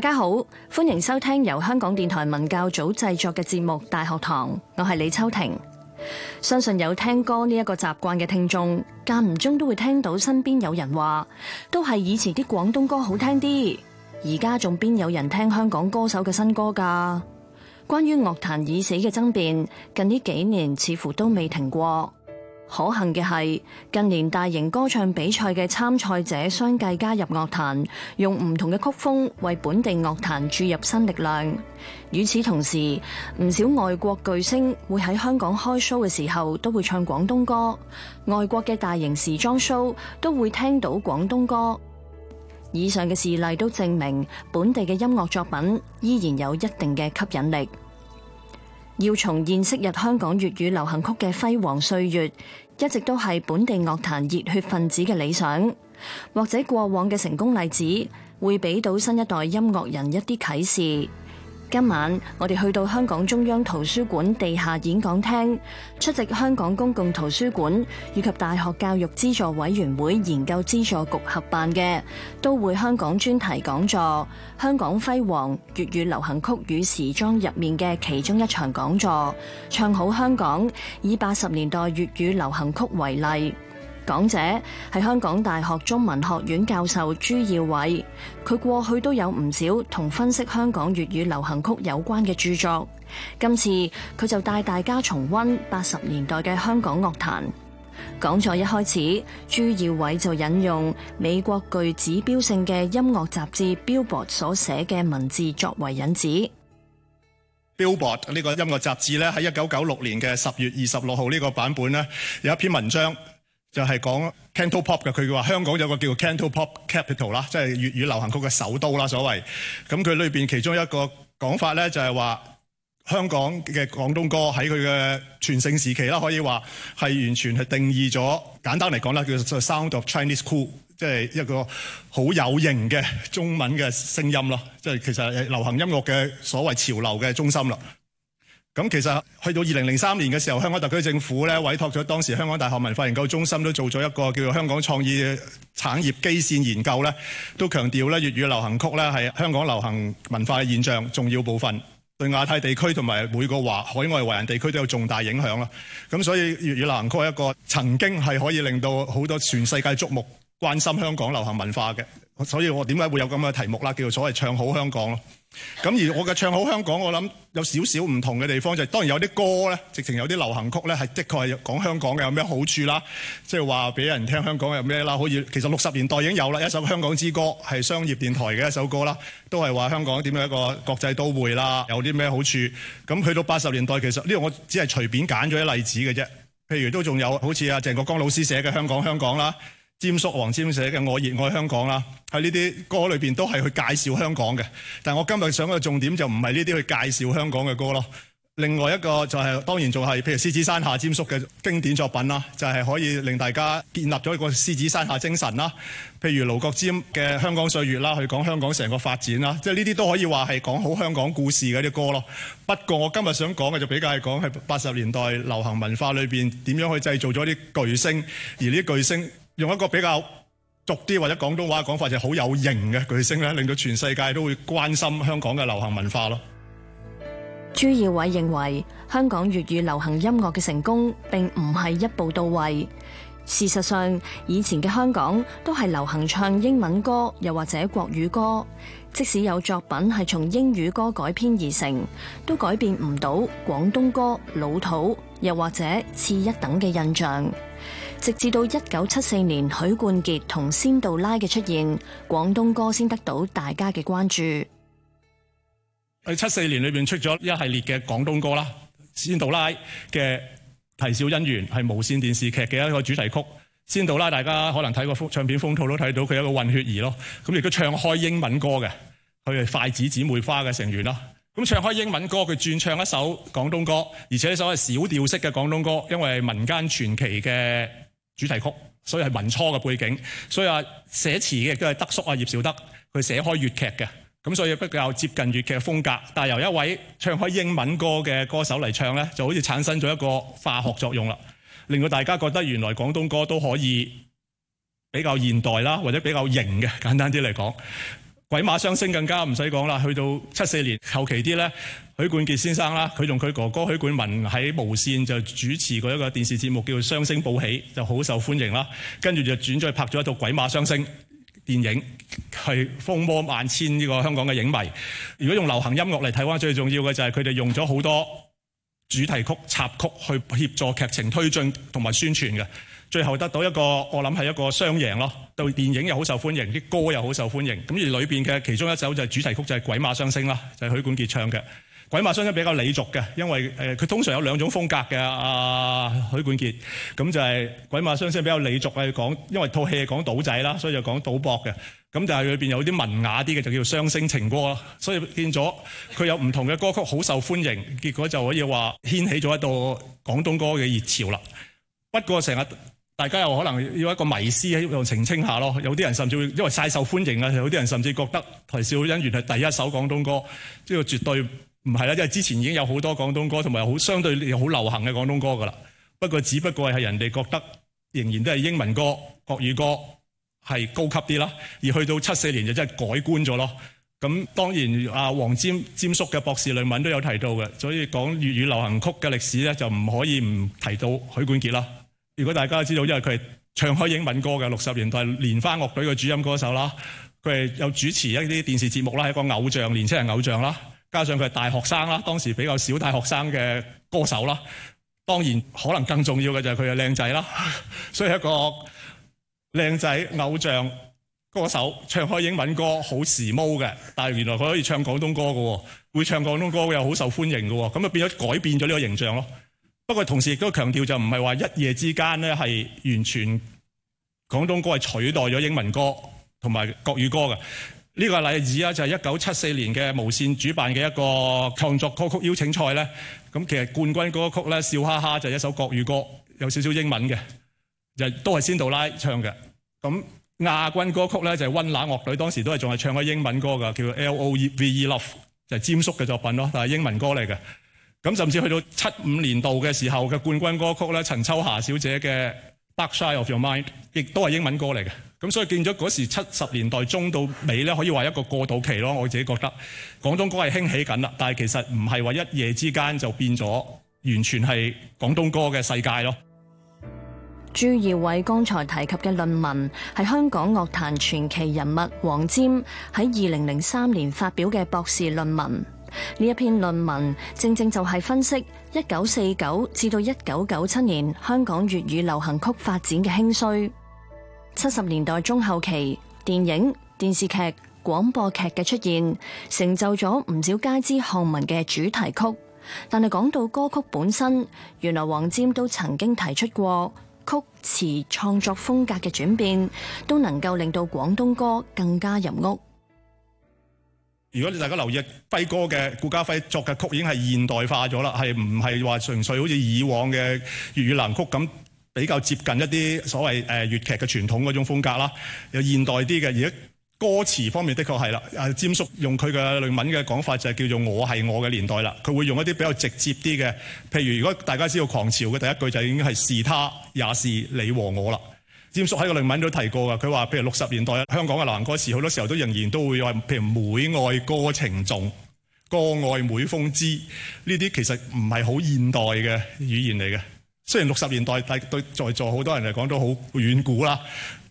大家好，歡迎收聽由香港電台文教組製作嘅節目《大學堂》，我係李秋婷。相信有聽歌呢一個習慣嘅聽眾，間唔中都會聽到身邊有人話，都係以前啲廣東歌好聽啲，而家仲邊有人聽香港歌手嘅新歌㗎？關於樂壇已死嘅爭辯，近呢幾年似乎都未停過。可幸嘅係，近年大型歌唱比賽嘅參賽者相繼加入樂壇，用唔同嘅曲風為本地樂壇注入新力量。與此同時，唔少外國巨星會喺香港開 show 嘅時候都會唱廣東歌，外國嘅大型時裝 show 都會聽到廣東歌。以上嘅事例都證明本地嘅音樂作品依然有一定嘅吸引力。要重現昔日香港粵語流行曲嘅輝煌歲月，一直都係本地樂壇熱血分子嘅理想，或者過往嘅成功例子，會俾到新一代音樂人一啲啟示。今晚我哋去到香港中央圖書館地下演講廳，出席香港公共圖書館以及大學教育資助委員會研究資助局合辦嘅《都會香港》專題講座，《香港輝煌粵語流行曲與時裝》入面嘅其中一場講座，《唱好香港》，以八十年代粵語流行曲為例。講者係香港大學中文學院教授朱耀偉，佢過去都有唔少同分析香港粵語流行曲有關嘅著作。今次佢就帶大家重溫八十年代嘅香港樂壇。講座一開始，朱耀偉就引用美國具指標性嘅音樂雜誌《Billboard》所寫嘅文字作為引子。Billboard 呢個音樂雜誌咧，喺一九九六年嘅十月二十六號呢個版本有一篇文章。就係講 canto pop 嘅，佢話香港有個叫 canto pop capital 啦，即係粵語流行曲嘅首都啦，所謂。咁佢裏邊其中一個講法咧，就係話香港嘅廣東歌喺佢嘅全盛時期啦，可以話係完全係定義咗。簡單嚟講啦，叫做 sound of Chinese cool，即係一個好有型嘅中文嘅聲音咯。即係其實流行音樂嘅所謂潮流嘅中心咯。咁其實去到二零零三年嘅時候，香港特區政府呢，委託咗當時香港大學文化研究中心都做咗一個叫做《香港創意產業基線研究》，呢都強調呢，粵語流行曲呢係香港流行文化嘅現象重要部分，對亞太地區同埋每個華海外華人地區都有重大影響啦。咁所以粵語流行曲係一個曾經係可以令到好多全世界矚目、關心香港流行文化嘅。所以我點解會有咁嘅題目啦，叫做所謂唱好香港咯。咁而我嘅唱好香港，我諗有少少唔同嘅地方，就係當然有啲歌咧，直情有啲流行曲咧，係的確係講香港嘅有咩好處啦。即係話俾人聽香港有咩啦，好似其實六十年代已經有啦，一首香港之歌係商業電台嘅一首歌啦，都係話香港點樣一個國際都會啦，有啲咩好處。咁去到八十年代，其實呢個我只係隨便揀咗啲例子嘅啫。譬如都仲有好似啊鄭國江老師寫嘅《香港香港》啦。霑叔黃霑寫嘅《我熱愛香港》啦，喺呢啲歌裏邊都係去介紹香港嘅。但係我今日想嘅重點就唔係呢啲去介紹香港嘅歌咯。另外一個就係當然仲係，譬如《獅子山下》霑叔嘅經典作品啦，就係可以令大家建立咗一個獅子山下精神啦。譬如《盧國沾嘅香港歲月》啦，去講香港成個發展啦，即係呢啲都可以話係講好香港故事嘅啲歌咯。不過我今日想講嘅就比較係講喺八十年代流行文化裏邊點樣去製造咗啲巨星，而呢啲巨星。用一個比較俗啲或者廣東話講法，就係好有型嘅巨星咧，令到全世界都會關心香港嘅流行文化咯。朱耀偉認為，香港粵語流行音樂嘅成功並唔係一步到位。事實上，以前嘅香港都係流行唱英文歌，又或者國語歌。即使有作品係從英語歌改編而成，都改變唔到廣東歌、老土，又或者次一等嘅印象。直至到一九七四年，許冠傑同仙杜拉嘅出現，廣東歌先得到大家嘅關注。喺七四年裏邊出咗一系列嘅廣東歌啦，仙杜拉嘅《啼笑姻緣》係無綫電視劇嘅一個主題曲。仙杜拉大家可能睇個封唱片封套都睇到佢一個混血兒咯。咁亦都唱開英文歌嘅，佢係筷子姊妹花嘅成員咯。咁唱開英文歌，佢轉唱一首廣東歌，而且呢首係小調式嘅廣東歌，因為民間傳奇嘅。主題曲，所以係民初嘅背景，所以話寫詞嘅都係德叔啊葉紹德，佢寫開粵劇嘅，咁所以比較接近粵劇嘅風格。但係由一位唱開英文歌嘅歌手嚟唱咧，就好似產生咗一個化學作用啦，令到大家覺得原來廣東歌都可以比較現代啦，或者比較型嘅，簡單啲嚟講。鬼馬雙星更加唔使講啦，去到七四年後期啲咧，許冠傑先生啦，佢同佢哥哥許冠文喺無線就主持過一個電視節目叫做《雙星報喜》，就好受歡迎啦。跟住就轉咗去拍咗一套《鬼馬雙星》電影，係風靡萬千呢個香港嘅影迷。如果用流行音樂嚟睇話，最重要嘅就係佢哋用咗好多主題曲、插曲去協助劇情推進同埋宣傳嘅。最後得到一個，我諗係一個雙贏咯。對電影又好受歡迎，啲歌又好受歡迎。咁而裏邊嘅其中一首就係主題曲，就係、是《鬼馬雙星》啦，就係、是、許冠傑唱嘅、呃呃就是《鬼馬雙星》比較俚俗嘅，因為誒佢通常有兩種風格嘅阿許冠傑，咁就係《鬼馬雙星》比較俚俗啊，講因為套戲係講賭仔啦，所以就講賭博嘅。咁但係裏邊有啲文雅啲嘅，就叫《雙星情歌》。所以變咗佢有唔同嘅歌曲好受歡迎，結果就可以話掀起咗一道廣東歌嘅熱潮啦。不過成日。大家又可能要一個迷思喺度澄清下咯，有啲人甚至會因為晒受歡迎啊，有啲人甚至覺得《啼笑姻緣》係第一首廣東歌，即係絕對唔係啦，因為之前已經有好多廣東歌，同埋好相對好流行嘅廣東歌噶啦。不過只不過係人哋覺得仍然都係英文歌、國語歌係高級啲啦。而去到七四年就真係改觀咗咯。咁當然、啊，阿黃霑霑叔嘅博士論文都有提到嘅，所以講粵語流行曲嘅歷史咧，就唔可以唔提到許冠傑啦。如果大家知道，因為佢係唱開英文歌嘅，六十年代係蓮花樂隊嘅主音歌手啦，佢係有主持一啲電視節目啦，係一個偶像、年輕人偶像啦，加上佢係大學生啦，當時比較少的大學生嘅歌手啦，當然可能更重要嘅就係佢係靚仔啦，所以一個靚仔偶像歌手唱開英文歌好時髦嘅，但係原來佢可以唱廣東歌嘅，會唱廣東歌又好受歡迎嘅，咁就變咗改變咗呢個形象咯。不過同時亦都強調，就唔係話一夜之間咧，係完全廣東歌係取代咗英文歌同埋國語歌嘅。呢個例子啊，就係一九七四年嘅無綫主辦嘅一個創作歌曲邀請賽咧，咁其實冠軍歌曲咧，笑哈哈，就係一首國語歌有少少英文嘅，就都係仙杜拉唱嘅。咁亞軍歌曲咧，就係溫拿樂隊當時都係仲係唱開英文歌噶，叫做 L O V E Love 就係詹叔嘅作品咯，但係英文歌嚟嘅。咁甚至去到七五年度嘅時候嘅冠軍歌曲咧，陳秋霞小姐嘅《Dark Side of Your Mind》亦都係英文歌嚟嘅。咁所以見咗嗰時七十年代中到尾咧，可以話一個過渡期咯。我自己覺得廣東歌係興起緊啦，但係其實唔係話一夜之間就變咗完全係廣東歌嘅世界咯。朱耀偉剛才提及嘅論文係香港樂壇傳奇人物黃霑喺二零零三年發表嘅博士論文。呢一篇論文正正就係分析一九四九至到一九九七年香港粵語流行曲發展嘅興衰。七十年代中後期，電影、電視劇、廣播劇嘅出現，成就咗唔少街知巷聞嘅主題曲。但係講到歌曲本身，原來黃霑都曾經提出過曲詞創作風格嘅轉變，都能夠令到廣東歌更加入屋。如果你大家留意輝哥嘅顧嘉煇作嘅曲已經係現代化咗啦，係唔係話純粹好似以往嘅粵語藍曲咁比較接近一啲所謂誒粵劇嘅傳統嗰種風格啦？有現代啲嘅，而家歌詞方面的是，的確係啦。啊，霑叔用佢嘅論文嘅講法就係叫做我係我嘅年代啦。佢會用一啲比較直接啲嘅，譬如如果大家知道《狂潮》嘅第一句就已經係是，是他也是你和我啦。了占叔喺個論文都提過噶，佢話譬如六十年代香港嘅流行歌詞，好多時候都仍然都會話，譬如妹愛哥情重，哥愛妹風姿，呢啲其實唔係好現代嘅語言嚟嘅。雖然六十年代對在座好多人嚟講都好遠古啦，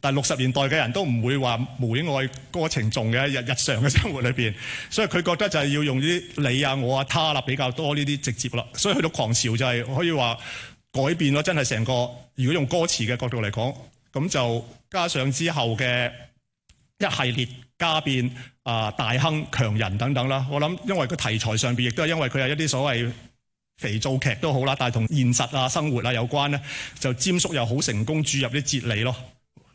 但係六十年代嘅人都唔會話妹愛哥情重嘅日日常嘅生活裏邊，所以佢覺得就係要用啲你啊、我啊、他啦比較多呢啲直接啦。所以去到狂潮就係、是、可以話改變咗真係成個如果用歌詞嘅角度嚟講。咁就加上之後嘅一系列家變啊、大亨強人等等啦，我諗因為個題材上面亦都係因為佢有一啲所謂肥皂劇都好啦，但係同現實啊、生活啊有關咧，就霑叔又好成功注入啲哲理咯。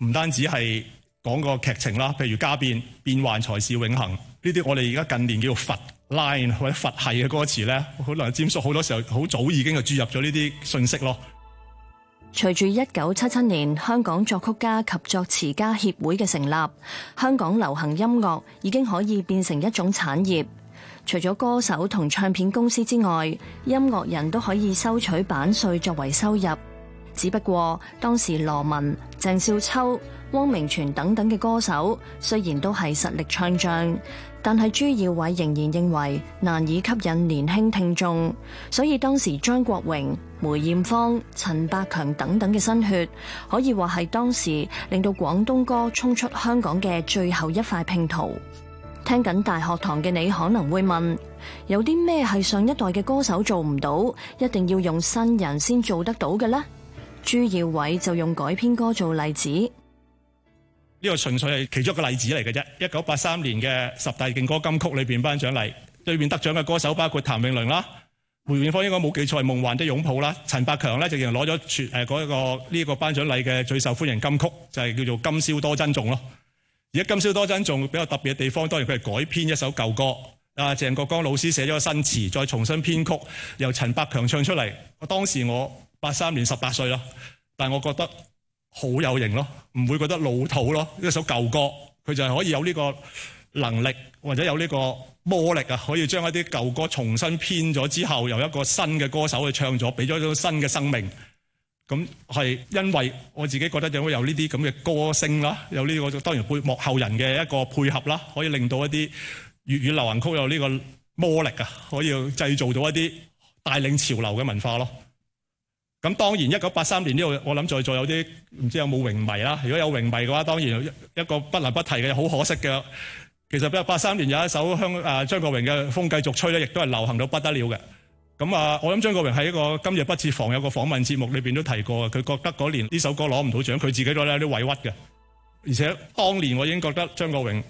唔單止係講個劇情啦，譬如家變變幻才是永恆呢啲，我哋而家近年叫做佛 line 或者佛系嘅歌詞咧，可能霑叔好多時候好早已經就注入咗呢啲信息咯。隨住一九七七年香港作曲家及作詞家協會嘅成立，香港流行音樂已經可以變成一種產業。除咗歌手同唱片公司之外，音樂人都可以收取版稅作為收入。只不過當時羅文、鄭少秋、汪明荃等等嘅歌手，雖然都係實力唱將。但係朱耀偉仍然認為難以吸引年輕聽眾，所以當時張國榮、梅艷芳、陳百強等等嘅新血，可以話係當時令到廣東歌衝出香港嘅最後一塊拼圖。聽緊《大學堂》嘅你可能會問，「有啲咩係上一代嘅歌手做唔到，一定要用新人先做得到嘅呢？」朱耀偉就用改編歌做例子。呢個純粹係其中一個例子嚟嘅啫，一九八三年嘅十大勁歌金曲裏邊頒獎禮，對面得獎嘅歌手包括譚詠麟啦、梅豔芳，應該冇記錯，係《夢幻的擁抱》啦，陳百強咧就仍然攞咗誒嗰一個呢個頒獎禮嘅最受歡迎金曲，就係叫做《今宵多珍重》咯。而家《今宵多珍重》比較特別嘅地方，當然佢係改編一首舊歌，啊，鄭國江老師寫咗個新詞，再重新編曲，由陳百強唱出嚟。當時我八三年十八歲啦，但係我覺得好有型咯，唔會覺得老土咯。一首舊歌，佢就係可以有呢個能力，或者有呢個魔力啊，可以將一啲舊歌重新編咗之後，由一個新嘅歌手去唱咗，俾咗一種新嘅生命。咁係因為我自己覺得有有呢啲咁嘅歌聲啦，有呢、這個當然配幕後人嘅一個配合啦，可以令到一啲粵語流行曲有呢個魔力啊，可以製造到一啲帶領潮流嘅文化咯。咁當然一九八三年呢個，我諗在座有啲唔知有冇榮迷啦。如果有榮迷嘅話，當然有一個不能不提嘅好可惜嘅。其實一九八三年有一首香誒張國榮嘅《風繼續吹》咧，亦都係流行到不得了嘅。咁啊，我諗張國榮喺一個《今日不設防》有個訪問節目裏邊都提過啊，佢覺得嗰年呢首歌攞唔到獎，佢自己都係有啲委屈嘅。而且當年我已經覺得張國榮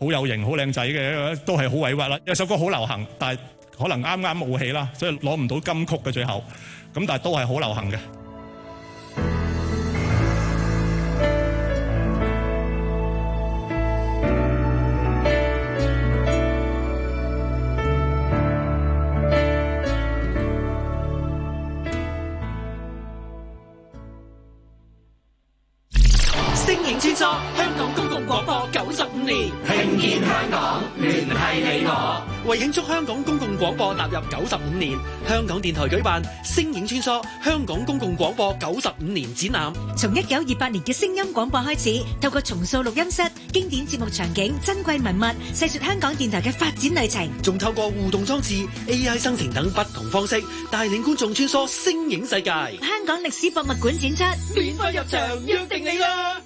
好有型、好靚仔嘅，都係好委屈啦。有首歌好流行，但係可能啱啱冒起啦，所以攞唔到金曲嘅最後。咁但係都係好流行嘅。入九十五年，香港電台舉辦《聲影穿梭香港公共廣播九十五年展覽》，從一九二八年嘅聲音廣播開始，透過重塑錄音室、經典節目場景、珍貴文物，細說香港電台嘅發展歷程，仲透過互動裝置、AI 生成等不同方式，帶領觀眾穿梭聲影世界。香港歷史博物館展出，免費入場，約定你啦！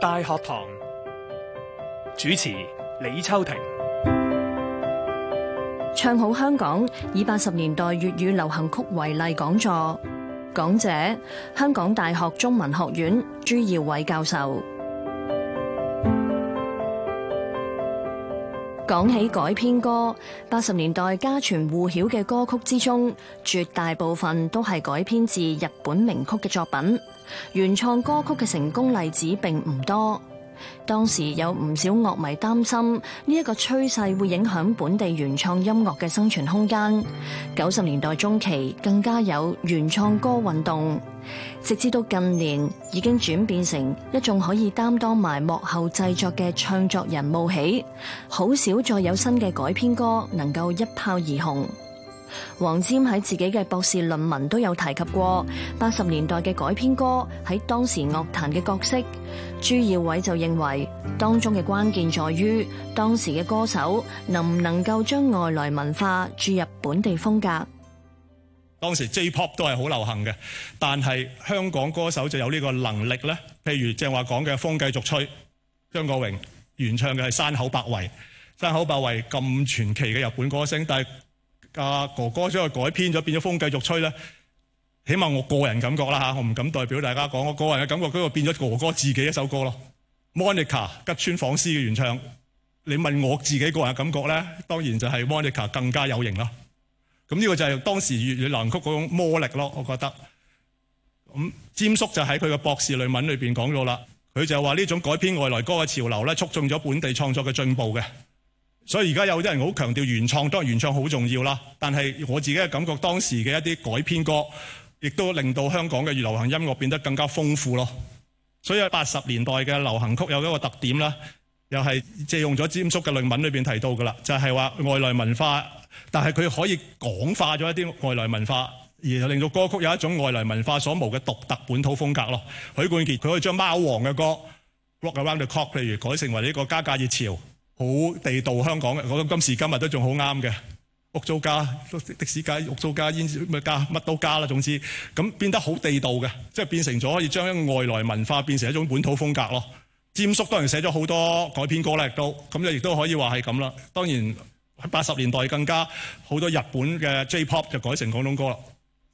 大學堂主持。李秋婷，唱好香港，以八十年代粵語流行曲為例講座，講者香港大學中文學院朱耀偉教授。講起改編歌，八十年代家傳戶曉嘅歌曲之中，絕大部分都係改編自日本名曲嘅作品，原創歌曲嘅成功例子並唔多。當時有唔少樂迷擔心呢一個趨勢會影響本地原創音樂嘅生存空間。九十年代中期更加有原創歌運動，直至到近年已經轉變成一眾可以擔當埋幕後製作嘅唱作人冒起，好少再有新嘅改編歌能夠一炮而紅。黃沾喺自己嘅博士論文都有提及過八十年代嘅改編歌喺當時樂壇嘅角色。朱耀偉就認為當中嘅關鍵在於當時嘅歌手能唔能夠將外來文化注入本地風格。當時 J-pop 都係好流行嘅，但係香港歌手就有呢個能力咧。譬如正話講嘅《風繼續吹》，張國榮原唱嘅係山口百惠，山口百惠咁傳奇嘅日本歌星，但係。阿哥哥將佢改編咗，變咗風繼續吹咧。起碼我個人感覺啦嚇，我唔敢代表大家講。我個人嘅感覺，佢個變咗哥哥自己一首歌咯。Monica 吉川晃司嘅原唱，你問我自己個人感覺咧，當然就係 Monica 更加有型啦。咁呢個就係當時粵語流行曲嗰種魔力咯，我覺得。咁詹叔就喺佢嘅博士論文裏面講咗啦，佢就話呢種改編外來歌嘅潮流咧，促進咗本地創作嘅進步嘅。所以而家有啲人好強調原創，當然原創好重要啦。但係我自己嘅感覺，當時嘅一啲改編歌，亦都令到香港嘅流行音樂變得更加豐富咯。所以八十年代嘅流行曲有一個特點啦，又係借用咗詹叔嘅論文裏面提到嘅啦，就係、是、話外來文化，但係佢可以廣化咗一啲外來文化，而令到歌曲有一種外來文化所無嘅獨特本土風格咯。許冠傑佢可以將貓王嘅歌 Rock Around the Clock 例如改成為呢個《加價熱潮》。好地道香港嘅，我覺得今時今日都仲好啱嘅。屋租家，的士價，屋租家，煙咪家乜都加啦。總之，咁變得好地道嘅，即係變成咗可以將外來文化變成一種本土風格咯。占叔當然寫咗好多改編歌啦，亦都咁就亦都可以話係咁啦。當然喺八十年代更加好多日本嘅 J-pop 就改成廣東歌啦，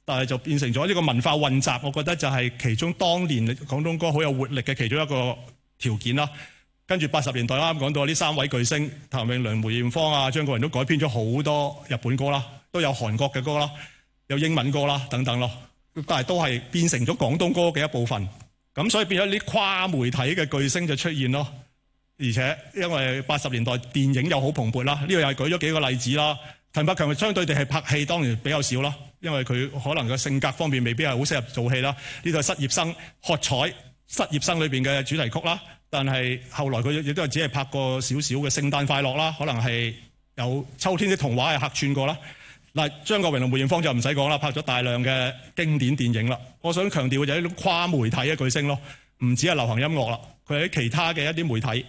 但係就變成咗呢個文化混雜，我覺得就係其中當年廣東歌好有活力嘅其中一個條件啦。跟住八十年代啱啱講到呢三位巨星譚詠麟、梅艷芳啊、張國榮都改編咗好多日本歌啦，都有韓國嘅歌啦，有英文歌啦等等咯，但係都係變成咗廣東歌嘅一部分。咁所以變咗啲跨媒體嘅巨星就出現咯，而且因為八十年代電影又好蓬勃啦，呢個又係舉咗幾個例子啦。陳百強相對地係拍戲當然比較少啦，因為佢可能個性格方面未必係好適合做戲啦。呢個係《失業生》喝彩，失業生裏邊嘅主題曲啦。但係後來佢亦都係只係拍過少少嘅《聖誕快樂》啦，可能係有《秋天的童話》係客串過啦。嗱，張國榮同梅豔芳就唔使講啦，拍咗大量嘅經典電影啦。我想強調嘅就係一種跨媒體嘅巨星咯，唔止係流行音樂啦，佢喺其他嘅一啲媒體，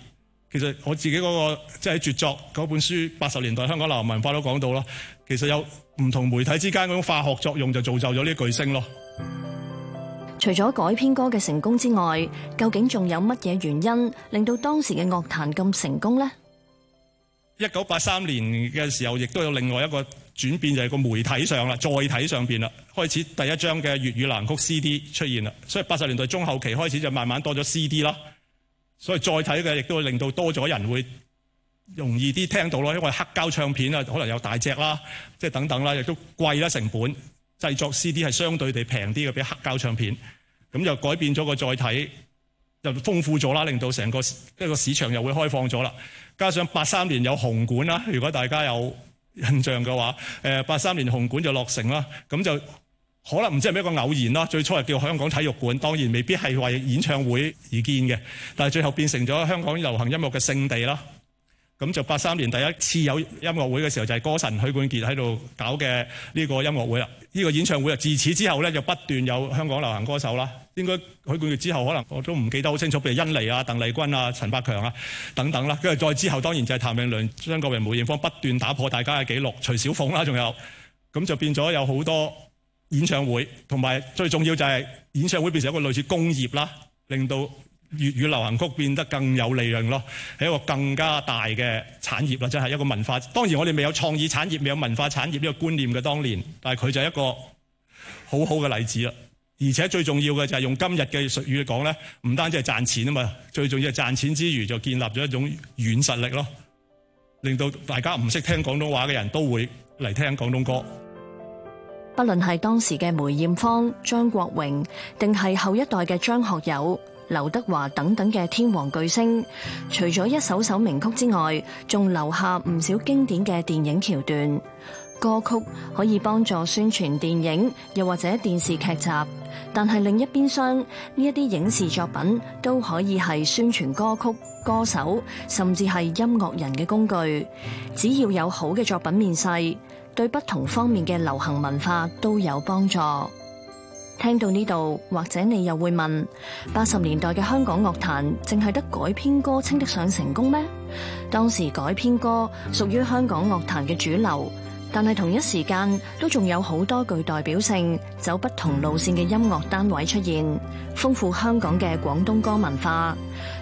其實我自己嗰、那個即係、就是、絕作嗰本書，八十年代香港流行文化都講到啦，其實有唔同媒體之間嗰種化學作用，就造就咗呢啲巨星咯。除咗改編歌嘅成功之外，究竟仲有乜嘢原因令到當時嘅樂壇咁成功呢？一九八三年嘅時候，亦都有另外一個轉變，就係個媒體上啦，載體上邊啦，開始第一張嘅粵語藍曲 CD 出現啦，所以八十年代中後期開始就慢慢多咗 CD 啦，所以載體嘅亦都會令到多咗人會容易啲聽到咯，因為黑膠唱片啊，可能有大隻啦，即係等等啦，亦都貴啦成本。製作 CD 係相對地平啲嘅，比黑膠唱片，咁就改變咗個載體，就豐富咗啦，令到成個一個市場又會開放咗啦。加上八三年有紅館啦，如果大家有印象嘅話，誒八三年紅館就落成啦，咁就可能唔知係咪一個偶然啦。最初係叫香港體育館，當然未必係為演唱會而建嘅，但係最後變成咗香港流行音樂嘅聖地啦。咁就八三年第一次有音樂會嘅時候，就係歌神許冠傑喺度搞嘅呢個音樂會啦。呢個演唱會啊，自此之後咧，就不斷有香港流行歌手啦。應該許冠傑之後，可能我都唔記得好清楚，譬如甄妮啊、鄧麗君啊、陳百強啊等等啦。跟住再之後，當然就係譚詠麟、張國榮、梅豔芳不斷打破大家嘅記錄。徐小鳳啦、啊，仲有咁就變咗有好多演唱會，同埋最重要就係演唱會變成一個類似工業啦，令到粵語流行曲變得更有利潤咯，係一個更加大嘅產業啦，即係一個文化。當然我哋未有創意產業，未有文化產業呢個觀念嘅當年，但係佢就係一個好好嘅例子啦。而且最重要嘅就係用今日嘅術語嚟講咧，唔單止係賺錢啊嘛，最重要係賺錢之餘就建立咗一種軟實力咯，令到大家唔識聽廣東話嘅人都會嚟聽廣東歌。不論係當時嘅梅艷芳、張國榮，定係後一代嘅張學友。劉德華等等嘅天王巨星，除咗一首首名曲之外，仲留下唔少經典嘅電影橋段。歌曲可以幫助宣傳電影，又或者電視劇集。但係另一邊廂，呢一啲影視作品都可以係宣傳歌曲、歌手，甚至係音樂人嘅工具。只要有好嘅作品面世，對不同方面嘅流行文化都有幫助。聽到呢度，或者你又會問：八十年代嘅香港樂壇，淨係得改編歌稱得上成功咩？當時改編歌屬於香港樂壇嘅主流，但係同一時間都仲有好多具代表性、走不同路線嘅音樂單位出現，豐富香港嘅廣東歌文化。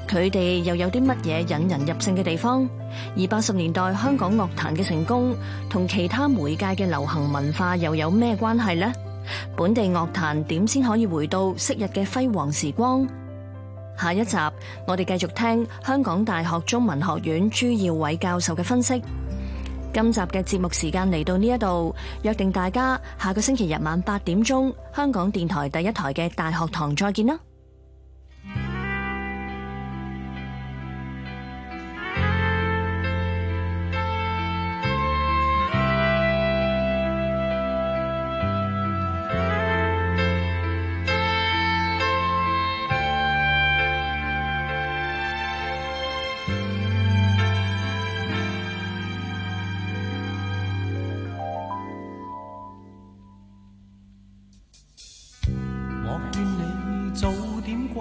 佢哋又有啲乜嘢引人入勝嘅地方？而八十年代香港樂壇嘅成功，同其他媒介嘅流行文化又有咩關係呢？本地樂壇點先可以回到昔日嘅輝煌時光？下一集我哋繼續聽香港大學中文學院朱耀偉教授嘅分析。今集嘅節目時間嚟到呢一度，約定大家下個星期日晚八點鐘，香港電台第一台嘅大學堂再見啦！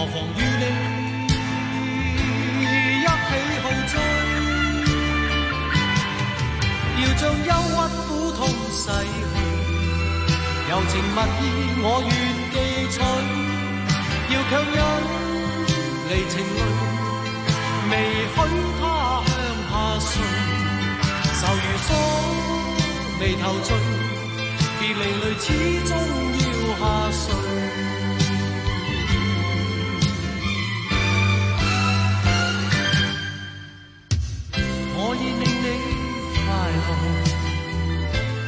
何妨與你一起豪醉，要將憂鬱苦痛洗去，柔情蜜意我願記取。要強忍離情淚，未許他向下垂。愁如鎖，眉頭聚，別離淚始終要下垂。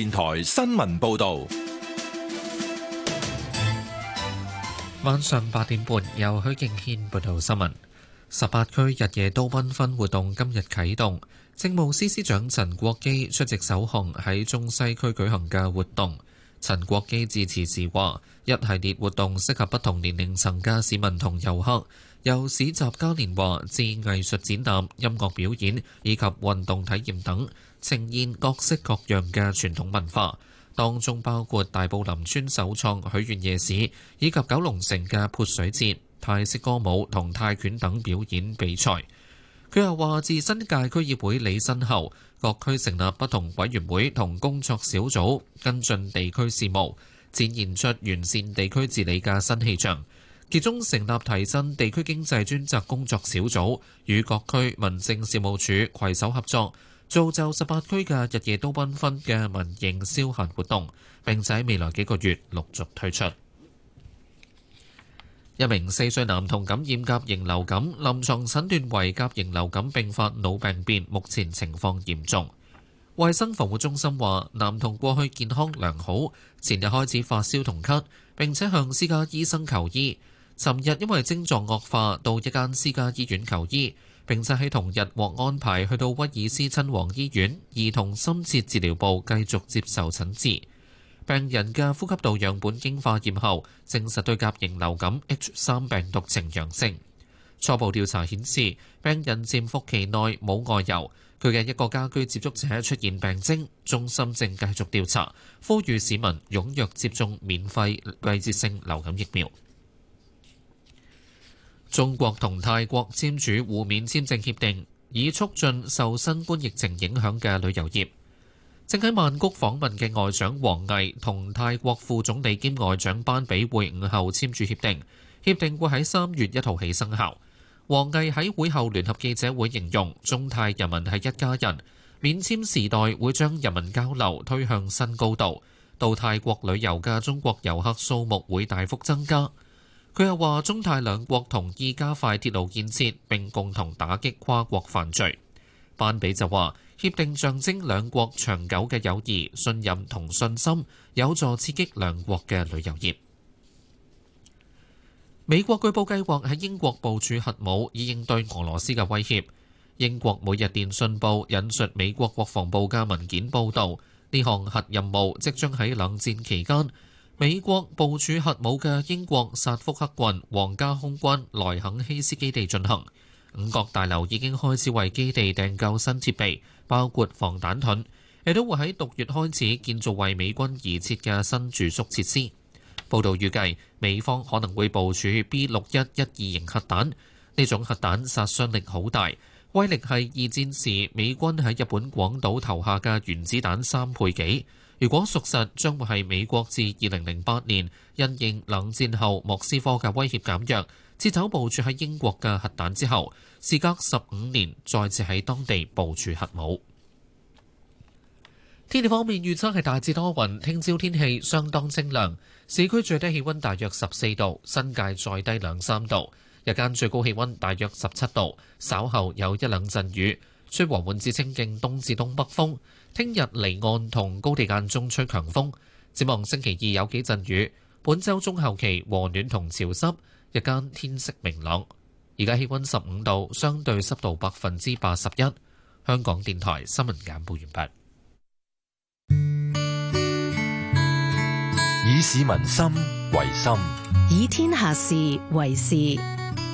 電台新聞報道，晚上八點半由許敬軒報道新聞。十八區日夜都繽紛活動，今日啟動。政務司司長陳國基出席首項喺中西區舉行嘅活動。陳國基致辭時話：一系列活動適合不同年齡層嘅市民同遊客，由市集嘉年華至藝術展覽、音樂表演以及運動體驗等，呈現各式各樣嘅傳統文化，當中包括大埔林村首創許願夜市，以及九龍城嘅潑水節、泰式歌舞同泰拳等表演比賽。佢又話：自新一屆區議會理身後，各區成立不同委員會同工作小組跟進地區事務，展現出完善地區治理嘅新氣象。其中成立提升地區經濟專責工作小組，與各區民政事務處攜手合作，造就十八區嘅日夜都繽紛嘅民營消閒活動，並在未來幾個月陸續推出。一名四歲男童感染甲型流感，臨床診斷為甲型流感並發腦病變，目前情況嚴重。衛生防護中心話，男童過去健康良好，前日開始發燒同咳，並且向私家醫生求醫。尋日因為症狀惡化，到一間私家醫院求醫，並且在喺同日獲安排去到威爾斯親王醫院兒童深切治療部繼續接受診治。病人嘅呼吸道樣本經化驗後，證實對甲型流感 H 三病毒呈陽性。初步調查顯示，病人潛伏期內冇外遊，佢嘅一個家居接觸者出現病徵，中心正繼續調查。呼籲市民踊躍接種免費季節性流感疫苗。中國同泰國簽署互免簽證協定，以促進受新冠疫情影響嘅旅遊業。正喺曼谷訪問嘅外長王毅同泰國副總理兼外長班比會晤後簽署協定，協定會喺三月一號起生效。王毅喺會後聯合記者會形容中泰人民係一家人，免簽時代會將人民交流推向新高度。到泰國旅遊嘅中國遊客數目會大幅增加。佢又話中泰兩國同意加快鐵路建設並共同打擊跨國犯罪。班比就話：協定象徵兩國長久嘅友誼、信任同信心，有助刺激兩國嘅旅遊業。美國據報計劃喺英國部署核武，以應對俄羅斯嘅威脅。英國每日電訊報引述美國國防部嘅文件報道，呢項核任務即將喺冷戰期間美國部署核武嘅英國薩福克郡皇家空軍萊肯希斯基地進行。五角大樓已經開始為基地訂購新設備，包括防彈盾，亦都會喺六月開始建造為美軍而設嘅新住宿設施。報道預計美方可能會部署 B 六一一二型核彈，呢種核彈殺傷力好大，威力係二戰時美軍喺日本廣島投下嘅原子彈三倍幾。如果屬實，將會係美國自二零零八年因應冷戰後莫斯科嘅威脅減弱。撤走部署喺英國嘅核彈之後，事隔十五年，再次喺當地部署核武。天氣方面預測係大致多雲，聽朝天，天氣相當清涼，市區最低氣温大約十四度，新界再低兩三度。日間最高氣温大約十七度，稍後有一兩陣雨，吹和緩至清勁東至東北風。聽日離岸同高地間中吹強風，展望星期二有幾陣雨。本週中後期和暖同潮濕。日間天色明朗，而家氣温十五度，相對濕度百分之八十一。香港電台新聞簡報完畢。以市民心為心，以天下事為事。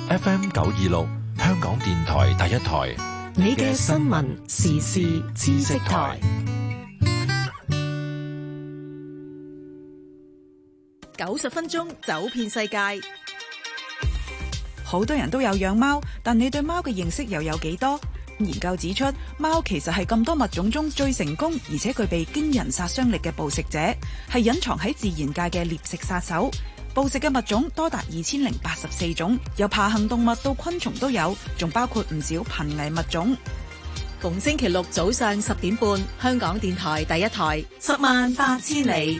FM 九二六，香港電台第一台，你嘅新聞時事知識台，九十分鐘，走遍世界。好多人都有養貓，但你對貓嘅認識又有幾多？研究指出，貓其實係咁多物種中最成功，而且具備驚人殺傷力嘅捕食者，係隱藏喺自然界嘅獵食殺手。捕食嘅物種多達二千零八十四種，由爬行動物到昆蟲都有，仲包括唔少瀕危物種。逢星期六早上十點半，香港電台第一台，十萬八千里。